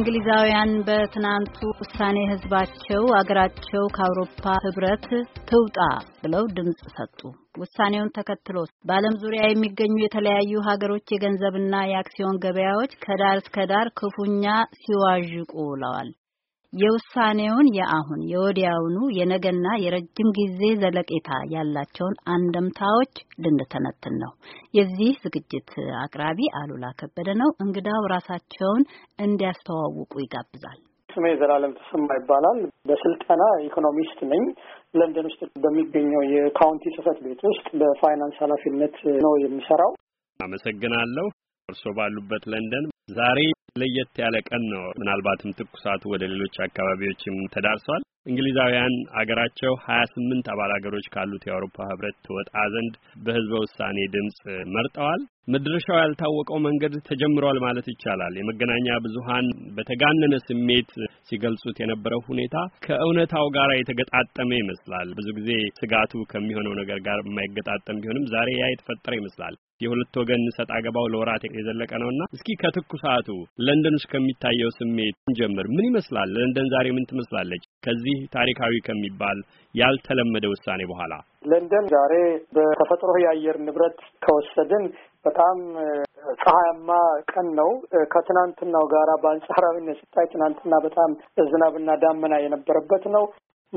እንግሊዛውያን በትናንቱ ውሳኔ ህዝባቸው አገራቸው ከአውሮፓ ህብረት ትውጣ ብለው ድምፅ ሰጡ። ውሳኔውን ተከትሎ በዓለም ዙሪያ የሚገኙ የተለያዩ ሀገሮች የገንዘብና የአክሲዮን ገበያዎች ከዳር እስከ ዳር ክፉኛ ሲዋዥቁ ውለዋል። የውሳኔውን የአሁን የወዲያውኑ የነገና የረጅም ጊዜ ዘለቄታ ያላቸውን አንደምታዎች ልንተነትን ነው። የዚህ ዝግጅት አቅራቢ አሉላ ከበደ ነው። እንግዳው ራሳቸውን እንዲያስተዋውቁ ይጋብዛል። ስሜ ዘላለም ተሰማ ይባላል። በስልጠና ኢኮኖሚስት ነኝ። ለንደን ውስጥ በሚገኘው የካውንቲ ጽህፈት ቤት ውስጥ በፋይናንስ ኃላፊነት ነው የሚሰራው። አመሰግናለሁ። እርስዎ ባሉበት ለንደን ዛሬ ለየት ያለ ቀን ነው። ምናልባትም ትኩሳቱ ወደ ሌሎች አካባቢዎችም ተዳርሷል። እንግሊዛውያን አገራቸው ሀያ ስምንት አባል አገሮች ካሉት የአውሮፓ ህብረት ትወጣ ዘንድ በህዝበ ውሳኔ ድምፅ መርጠዋል። መድረሻው ያልታወቀው መንገድ ተጀምሯል ማለት ይቻላል። የመገናኛ ብዙሃን በተጋነነ ስሜት ሲገልጹት የነበረው ሁኔታ ከእውነታው ጋር የተገጣጠመ ይመስላል። ብዙ ጊዜ ስጋቱ ከሚሆነው ነገር ጋር የማይገጣጠም ቢሆንም ዛሬ ያ የተፈጠረ ይመስላል። የሁለት ወገን ሰጥ አገባው ለወራት የዘለቀ ነውና እስኪ ከትኩሳቱ ለንደን ውስጥ ከሚታየው ስሜት እንጀምር። ምን ይመስላል? ለንደን ዛሬ ምን ትመስላለች? ከዚህ ታሪካዊ ከሚባል ያልተለመደ ውሳኔ በኋላ ለንደን ዛሬ በተፈጥሮ የአየር ንብረት ከወሰድን በጣም ፀሐያማ ቀን ነው። ከትናንትናው ጋራ በአንጻራዊነት ሲታይ ትናንትና በጣም ዝናብና ዳመና የነበረበት ነው።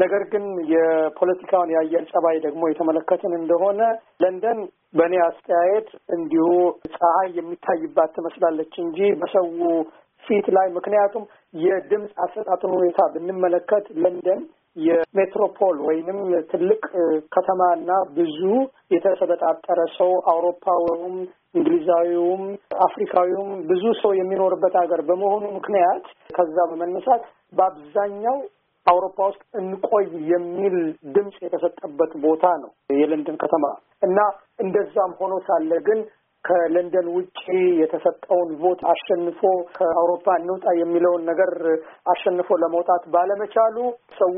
ነገር ግን የፖለቲካውን የአየር ጸባይ ደግሞ የተመለከትን እንደሆነ ለንደን በእኔ አስተያየት እንዲሁ ፀሐይ የሚታይባት ትመስላለች እንጂ በሰው ፊት ላይ ምክንያቱም የድምፅ አሰጣጥን ሁኔታ ብንመለከት ለንደን የሜትሮፖል ወይንም ትልቅ ከተማና ብዙ የተሰበጣጠረ ሰው አውሮፓውም፣ እንግሊዛዊውም፣ አፍሪካዊውም ብዙ ሰው የሚኖርበት ሀገር በመሆኑ ምክንያት ከዛ በመነሳት በአብዛኛው አውሮፓ ውስጥ እንቆይ የሚል ድምፅ የተሰጠበት ቦታ ነው የለንደን ከተማ እና እንደዛም ሆኖ ሳለ ግን ከለንደን ውጪ የተሰጠውን ቮት አሸንፎ ከአውሮፓ እንውጣ የሚለውን ነገር አሸንፎ ለመውጣት ባለመቻሉ ሰው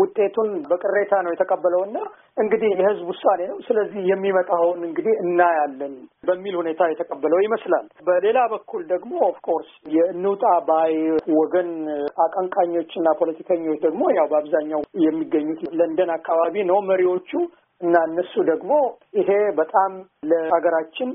ውጤቱን በቅሬታ ነው የተቀበለው እና እንግዲህ የህዝብ ውሳኔ ነው፣ ስለዚህ የሚመጣውን እንግዲህ እናያለን በሚል ሁኔታ የተቀበለው ይመስላል። በሌላ በኩል ደግሞ ኦፍኮርስ የእንውጣ ባይ ወገን አቀንቃኞችና ፖለቲከኞች ደግሞ ያው በአብዛኛው የሚገኙት ለንደን አካባቢ ነው። መሪዎቹ እና እነሱ ደግሞ ይሄ በጣም ለሀገራችን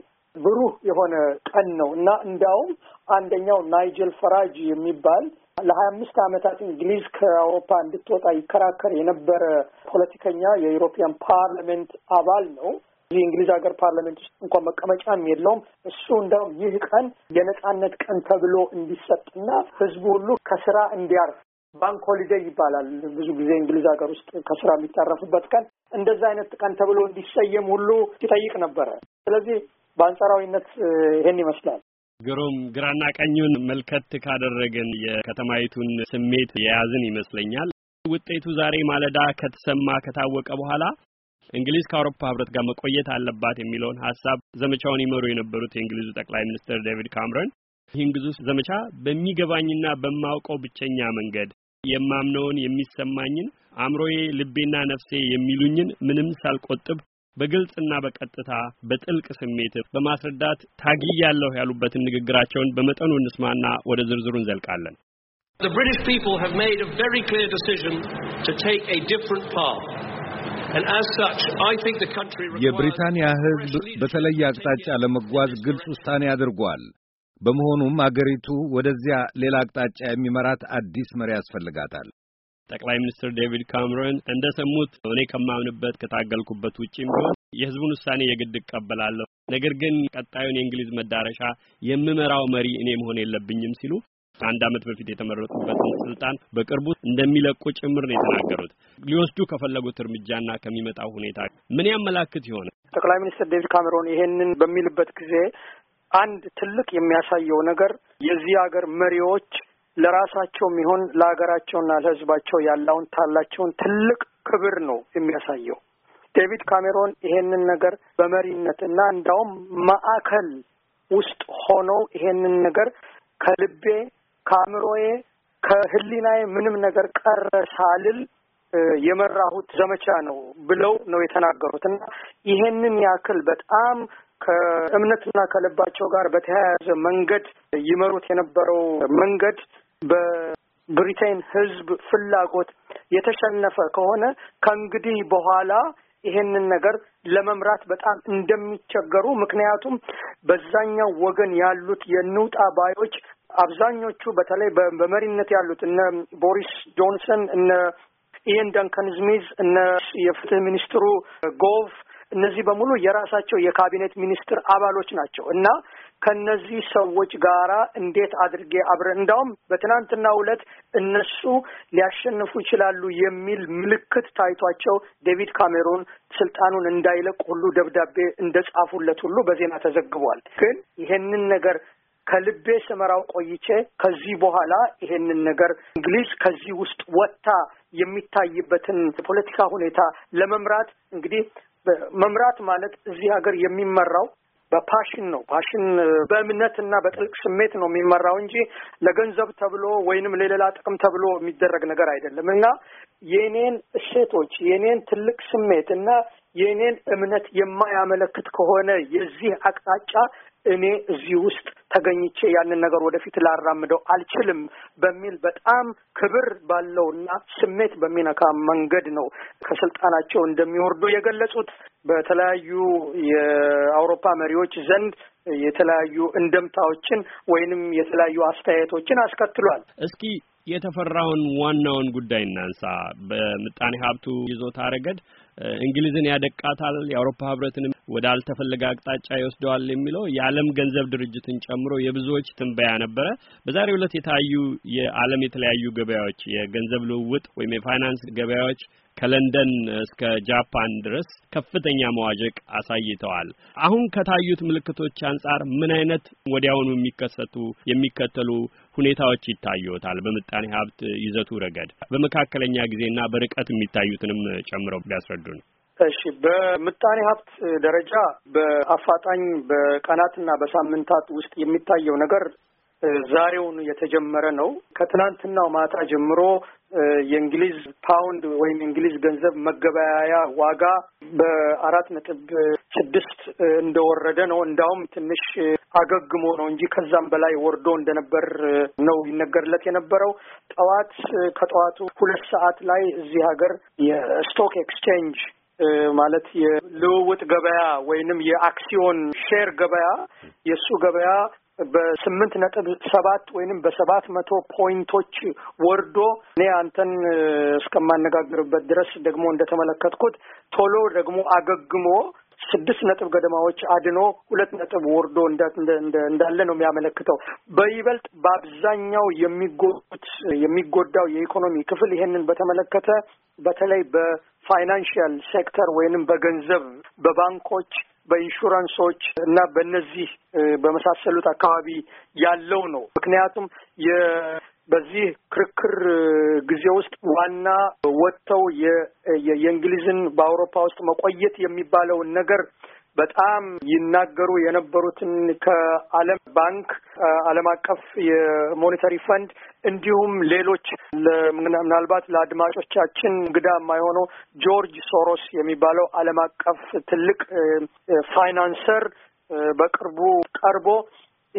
ብሩህ የሆነ ቀን ነው እና እንዲያውም አንደኛው ናይጀል ፈራጅ የሚባል ለሀያ አምስት ዓመታት እንግሊዝ ከአውሮፓ እንድትወጣ ይከራከር የነበረ ፖለቲከኛ የኢሮፒያን ፓርላሜንት አባል ነው። ይህ እንግሊዝ ሀገር ፓርላሜንት ውስጥ እንኳን መቀመጫም የለውም። እሱ እንደውም ይህ ቀን የነጻነት ቀን ተብሎ እንዲሰጥና ህዝቡ ሁሉ ከስራ እንዲያርፍ ባንክ ሆሊደይ ይባላል ብዙ ጊዜ እንግሊዝ ሀገር ውስጥ ከስራ የሚታረፍበት ቀን እንደዛ አይነት ቀን ተብሎ እንዲሰየም ሁሉ ሲጠይቅ ነበረ። ስለዚህ በአንጻራዊነት ይሄን ይመስላል። ግሩም ግራና ቀኙን መልከት ካደረግን የከተማይቱን ስሜት የያዝን ይመስለኛል። ውጤቱ ዛሬ ማለዳ ከተሰማ ከታወቀ በኋላ እንግሊዝ ከአውሮፓ ህብረት ጋር መቆየት አለባት የሚለውን ሀሳብ ዘመቻውን ይመሩ የነበሩት የእንግሊዙ ጠቅላይ ሚኒስትር ዴቪድ ካምረን ይህን ግዙፍ ዘመቻ በሚገባኝና በማውቀው ብቸኛ መንገድ የማምነውን የሚሰማኝን አእምሮዬ፣ ልቤና ነፍሴ የሚሉኝን ምንም ሳልቆጥብ በግልጽና በቀጥታ በጥልቅ ስሜት በማስረዳት ታግያለሁ ያሉበትን ንግግራቸውን በመጠኑ እንስማና ወደ ዝርዝሩ እንዘልቃለን። The British people have made a very clear decision to take a different path. የብሪታንያ ሕዝብ በተለየ አቅጣጫ ለመጓዝ ግልጽ ውሳኔ አድርጓል። በመሆኑም አገሪቱ ወደዚያ ሌላ አቅጣጫ የሚመራት አዲስ መሪ ያስፈልጋታል። ጠቅላይ ሚኒስትር ዴቪድ ካምሮን እንደሰሙት እኔ ከማምንበት ከታገልኩበት ውጪም ቢሆን የህዝቡን ውሳኔ የግድ እቀበላለሁ፣ ነገር ግን ቀጣዩን የእንግሊዝ መዳረሻ የምመራው መሪ እኔ መሆን የለብኝም ሲሉ ከአንድ ዓመት በፊት የተመረጡበትን ስልጣን በቅርቡ እንደሚለቁ ጭምር ነው የተናገሩት። ሊወስዱ ከፈለጉት እርምጃና ከሚመጣው ሁኔታ ምን ያመላክት ይሆነ? ጠቅላይ ሚኒስትር ዴቪድ ካሜሮን ይሄንን በሚልበት ጊዜ አንድ ትልቅ የሚያሳየው ነገር የዚህ ሀገር መሪዎች ለራሳቸው ይሁን ለሀገራቸውና ለሕዝባቸው ያለውን ታላቸውን ትልቅ ክብር ነው የሚያሳየው። ዴቪድ ካሜሮን ይሄንን ነገር በመሪነት እና እንዳውም ማዕከል ውስጥ ሆነው ይሄንን ነገር ከልቤ ከአእምሮዬ ከህሊናዬ ምንም ነገር ቀረ ሳልል የመራሁት ዘመቻ ነው ብለው ነው የተናገሩት እና ይሄንን ያክል በጣም ከእምነትና ከልባቸው ጋር በተያያዘ መንገድ ይመሩት የነበረው መንገድ በብሪቴን ህዝብ ፍላጎት የተሸነፈ ከሆነ ከእንግዲህ በኋላ ይሄንን ነገር ለመምራት በጣም እንደሚቸገሩ ምክንያቱም በዛኛው ወገን ያሉት የንውጣ ባዮች አብዛኞቹ በተለይ በመሪነት ያሉት እነ ቦሪስ ጆንሰን፣ እነ ኢን ደንከን ስሚዝ፣ እነ የፍትህ ሚኒስትሩ ጎቭ እነዚህ በሙሉ የራሳቸው የካቢኔት ሚኒስትር አባሎች ናቸው እና ከነዚህ ሰዎች ጋራ እንዴት አድርጌ አብረ እንዳውም በትናንትናው ዕለት እነሱ ሊያሸንፉ ይችላሉ የሚል ምልክት ታይቷቸው ዴቪድ ካሜሮን ስልጣኑን እንዳይለቅ ሁሉ ደብዳቤ ጻፉለት ሁሉ በዜና ተዘግቧል። ግን ይሄንን ነገር ከልቤ ስመራው ቆይቼ ከዚህ በኋላ ይሄንን ነገር እንግሊዝ ከዚህ ውስጥ ወጥታ የሚታይበትን የፖለቲካ ሁኔታ ለመምራት እንግዲህ መምራት ማለት እዚህ ሀገር የሚመራው በፓሽን ነው። ፓሽን በእምነት እና በጥልቅ ስሜት ነው የሚመራው እንጂ ለገንዘብ ተብሎ ወይንም ለሌላ ጥቅም ተብሎ የሚደረግ ነገር አይደለም እና የኔን እሴቶች የኔን ትልቅ ስሜት እና የኔን እምነት የማያመለክት ከሆነ የዚህ አቅጣጫ እኔ እዚህ ውስጥ ተገኝቼ ያንን ነገር ወደፊት ላራምደው አልችልም በሚል በጣም ክብር ባለውና ስሜት በሚነካ መንገድ ነው ከስልጣናቸው እንደሚወርዱ የገለጹት። በተለያዩ የአውሮፓ መሪዎች ዘንድ የተለያዩ እንደምታዎችን ወይንም የተለያዩ አስተያየቶችን አስከትሏል። እስኪ የተፈራውን ዋናውን ጉዳይ እናንሳ። በምጣኔ ሀብቱ ይዞታ ረገድ እንግሊዝን ያደቃታል፣ የአውሮፓ ህብረትንም ወደ አቅጣጫ ይወስደዋል የሚለው የዓለም ገንዘብ ድርጅትን ጨምሮ የብዙዎች ትንበያ ነበረ። በዛሬው ዕለት የታዩ የዓለም የተለያዩ ገበያዎች የገንዘብ ልውውጥ ወይም የፋይናንስ ገበያዎች ከለንደን እስከ ጃፓን ድረስ ከፍተኛ መዋዠቅ አሳይተዋል። አሁን ከታዩት ምልክቶች አንጻር ምን አይነት ወዲያውኑ የሚከሰቱ የሚከተሉ ሁኔታዎች ይታዩታል? በምጣኔ ሀብት ይዘቱ ረገድ በመካከለኛ ጊዜና በርቀት የሚታዩትንም ጨምረው ቢያስረዱን። እሺ፣ በምጣኔ ሀብት ደረጃ በአፋጣኝ በቀናትና በሳምንታት ውስጥ የሚታየው ነገር ዛሬውን የተጀመረ ነው። ከትናንትናው ማታ ጀምሮ የእንግሊዝ ፓውንድ ወይም የእንግሊዝ ገንዘብ መገበያያ ዋጋ በአራት ነጥብ ስድስት እንደወረደ ነው። እንዳውም ትንሽ አገግሞ ነው እንጂ ከዛም በላይ ወርዶ እንደነበር ነው ይነገርለት የነበረው። ጠዋት ከጠዋቱ ሁለት ሰዓት ላይ እዚህ ሀገር የስቶክ ኤክስቼንጅ ማለት የልውውጥ ገበያ ወይንም የአክሲዮን ሼር ገበያ የእሱ ገበያ በስምንት ነጥብ ሰባት ወይንም በሰባት መቶ ፖይንቶች ወርዶ እኔ አንተን እስከማነጋግርበት ድረስ ደግሞ እንደተመለከትኩት ቶሎ ደግሞ አገግሞ ስድስት ነጥብ ገደማዎች አድኖ ሁለት ነጥብ ወርዶ እንዳለ ነው የሚያመለክተው። በይበልጥ በአብዛኛው የሚጎዱት የሚጎዳው የኢኮኖሚ ክፍል ይሄንን በተመለከተ በተለይ በፋይናንሽያል ሴክተር ወይንም በገንዘብ በባንኮች በኢንሹራንሶች እና በእነዚህ በመሳሰሉት አካባቢ ያለው ነው። ምክንያቱም በዚህ ክርክር ጊዜ ውስጥ ዋና ወጥተው የእንግሊዝን በአውሮፓ ውስጥ መቆየት የሚባለውን ነገር በጣም ይናገሩ የነበሩትን ከዓለም ባንክ፣ ዓለም አቀፍ የሞኔተሪ ፈንድ እንዲሁም ሌሎች ምናልባት ለአድማጮቻችን እንግዳ የማይሆነው ጆርጅ ሶሮስ የሚባለው ዓለም አቀፍ ትልቅ ፋይናንሰር በቅርቡ ቀርቦ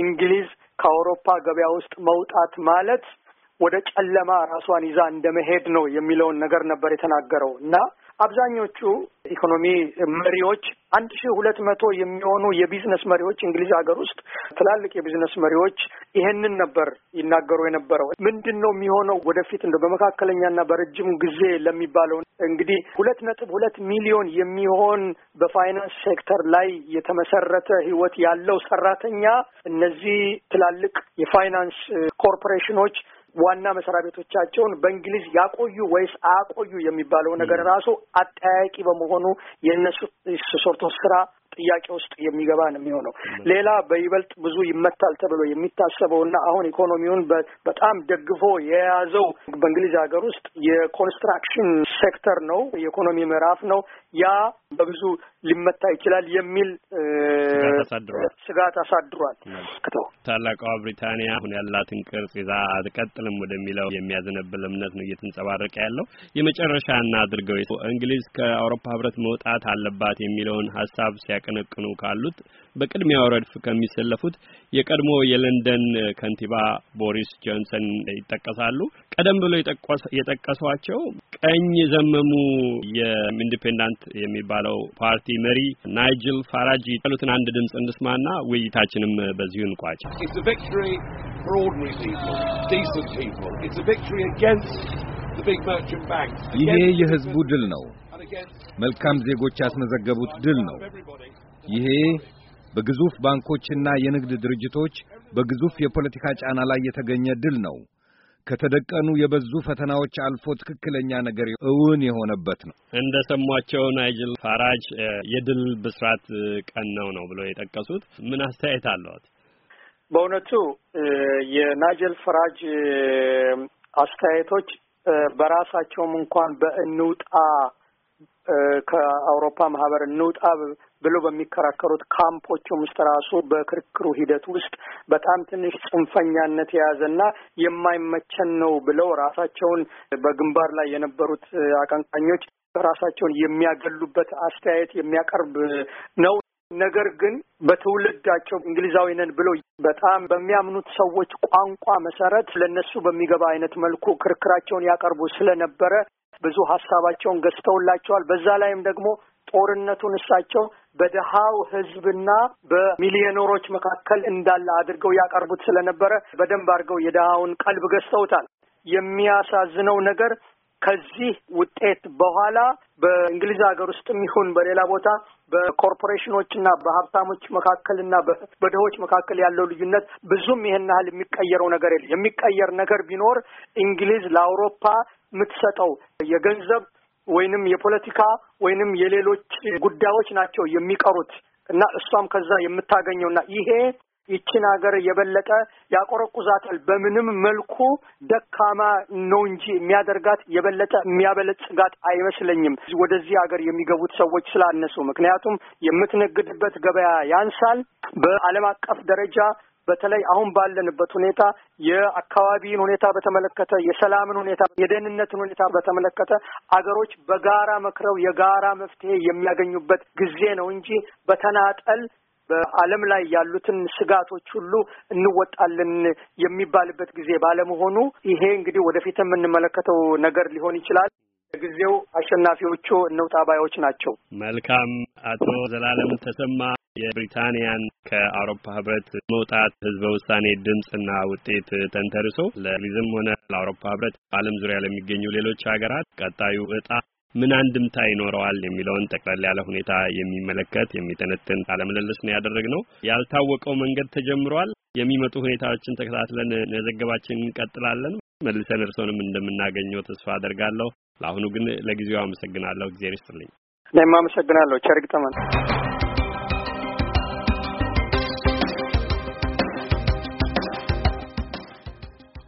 እንግሊዝ ከአውሮፓ ገበያ ውስጥ መውጣት ማለት ወደ ጨለማ ራሷን ይዛ እንደመሄድ ነው የሚለውን ነገር ነበር የተናገረው እና አብዛኞቹ ኢኮኖሚ መሪዎች አንድ ሺህ ሁለት መቶ የሚሆኑ የቢዝነስ መሪዎች እንግሊዝ ሀገር ውስጥ ትላልቅ የቢዝነስ መሪዎች ይሄንን ነበር ይናገሩ የነበረው። ምንድን ነው የሚሆነው ወደፊት እንደ በመካከለኛና በረጅም ጊዜ ለሚባለው እንግዲህ ሁለት ነጥብ ሁለት ሚሊዮን የሚሆን በፋይናንስ ሴክተር ላይ የተመሰረተ ህይወት ያለው ሰራተኛ እነዚህ ትላልቅ የፋይናንስ ኮርፖሬሽኖች ዋና መስሪያ ቤቶቻቸውን በእንግሊዝ ያቆዩ ወይስ አያቆዩ የሚባለው ነገር ራሱ አጠያቂ በመሆኑ የእነሱ ሶርቶ ስራ ጥያቄ ውስጥ የሚገባ ነው የሚሆነው። ሌላ በይበልጥ ብዙ ይመታል ተብሎ የሚታሰበው እና አሁን ኢኮኖሚውን በጣም ደግፎ የያዘው በእንግሊዝ ሀገር ውስጥ የኮንስትራክሽን ሴክተር ነው፣ የኢኮኖሚ ምዕራፍ ነው ያ በብዙ ሊመታ ይችላል የሚል ስጋት አሳድሯል። ታላቋ ብሪታንያ አሁን ያላትን ቅርጽ ይዛ አትቀጥልም ወደሚለው የሚያዘነብል እምነት ነው እየተንጸባረቀ ያለው። የመጨረሻ እና አድርገው እንግሊዝ ከአውሮፓ ህብረት መውጣት አለባት የሚለውን ሀሳብ ሲያቀነቅኑ ካሉት በቅድሚያው ረድፍ ከሚሰለፉት የቀድሞ የለንደን ከንቲባ ቦሪስ ጆንሰን ይጠቀሳሉ። ቀደም ብሎ የጠቀሷቸው ቀኝ ዘመሙ የኢንዲፔንዳንት የሚባ የሚባለው ፓርቲ መሪ ናይጅል ፋራጅ ያሉትን አንድ ድምፅ እንስማና ውይይታችንም በዚሁ እንቋጭ። ይሄ የህዝቡ ድል ነው። መልካም ዜጎች ያስመዘገቡት ድል ነው። ይሄ በግዙፍ ባንኮችና የንግድ ድርጅቶች በግዙፍ የፖለቲካ ጫና ላይ የተገኘ ድል ነው። ከተደቀኑ የበዙ ፈተናዎች አልፎ ትክክለኛ ነገር እውን የሆነበት ነው። እንደ ሰሟቸው ናይጅል ፋራጅ የድል ብስራት ቀን ነው ነው ብለው የጠቀሱት ምን አስተያየት አለዎት? በእውነቱ የናይጀል ፈራጅ አስተያየቶች በራሳቸውም እንኳን በእንውጣ ከአውሮፓ ማህበር እንውጣ ብለው በሚከራከሩት ካምፖቹም ውስጥ ራሱ በክርክሩ ሂደት ውስጥ በጣም ትንሽ ጽንፈኛነት የያዘና የማይመቸን ነው ብለው ራሳቸውን በግንባር ላይ የነበሩት አቀንቃኞች ራሳቸውን የሚያገሉበት አስተያየት የሚያቀርብ ነው። ነገር ግን በትውልዳቸው እንግሊዛዊ ነን ብለው በጣም በሚያምኑት ሰዎች ቋንቋ መሰረት ለነሱ በሚገባ አይነት መልኩ ክርክራቸውን ያቀርቡ ስለነበረ ብዙ ሀሳባቸውን ገዝተውላቸዋል። በዛ ላይም ደግሞ ጦርነቱን እሳቸው በድሃው ህዝብና በሚሊዮነሮች መካከል እንዳለ አድርገው ያቀርቡት ስለነበረ በደንብ አድርገው የድሃውን ቀልብ ገዝተውታል። የሚያሳዝነው ነገር ከዚህ ውጤት በኋላ በእንግሊዝ ሀገር ውስጥ ይሁን በሌላ ቦታ በኮርፖሬሽኖችና በሀብታሞች መካከልና በድሆች መካከል ያለው ልዩነት ብዙም ይህን ያህል የሚቀየረው ነገር የለ። የሚቀየር ነገር ቢኖር እንግሊዝ ለአውሮፓ የምትሰጠው የገንዘብ ወይንም የፖለቲካ ወይንም የሌሎች ጉዳዮች ናቸው የሚቀሩት እና እሷም ከዛ የምታገኘውና ይሄ ይችን ሀገር የበለጠ ያቆረቁዛታል። በምንም መልኩ ደካማ ነው እንጂ የሚያደርጋት የበለጠ የሚያበለጽጋት አይመስለኝም። ወደዚህ ሀገር የሚገቡት ሰዎች ስላነሱ፣ ምክንያቱም የምትነግድበት ገበያ ያንሳል። በዓለም አቀፍ ደረጃ በተለይ አሁን ባለንበት ሁኔታ የአካባቢን ሁኔታ በተመለከተ፣ የሰላምን ሁኔታ፣ የደህንነትን ሁኔታ በተመለከተ አገሮች በጋራ መክረው የጋራ መፍትሄ የሚያገኙበት ጊዜ ነው እንጂ በተናጠል በዓለም ላይ ያሉትን ስጋቶች ሁሉ እንወጣለን የሚባልበት ጊዜ ባለመሆኑ ይሄ እንግዲህ ወደፊት የምንመለከተው ነገር ሊሆን ይችላል። ጊዜው አሸናፊዎቹ እንውጣ ባዮች ናቸው። መልካም። አቶ ዘላለም ተሰማ የብሪታንያን ከአውሮፓ ህብረት መውጣት ህዝበ ውሳኔ ድምፅና ውጤት ተንተርሶ ለእንግሊዝም ሆነ ለአውሮፓ ህብረት በዓለም ዙሪያ ለሚገኙ ሌሎች ሀገራት ቀጣዩ እጣ ምን አንድምታ ይኖረዋል የሚለውን ጠቅለል ያለ ሁኔታ የሚመለከት የሚተነትን አለምልልስ ነው ያደረግነው። ያልታወቀው መንገድ ተጀምሯል። የሚመጡ ሁኔታዎችን ተከታትለን መዘገባችን እንቀጥላለን። መልሰን እርስዎንም እንደምናገኘው ተስፋ አደርጋለሁ። ለአሁኑ ግን ለጊዜው አመሰግናለሁ። እግዚአብሔር ይስጥልኝ። እኔም አመሰግናለሁ። ቸር ይግጠመን።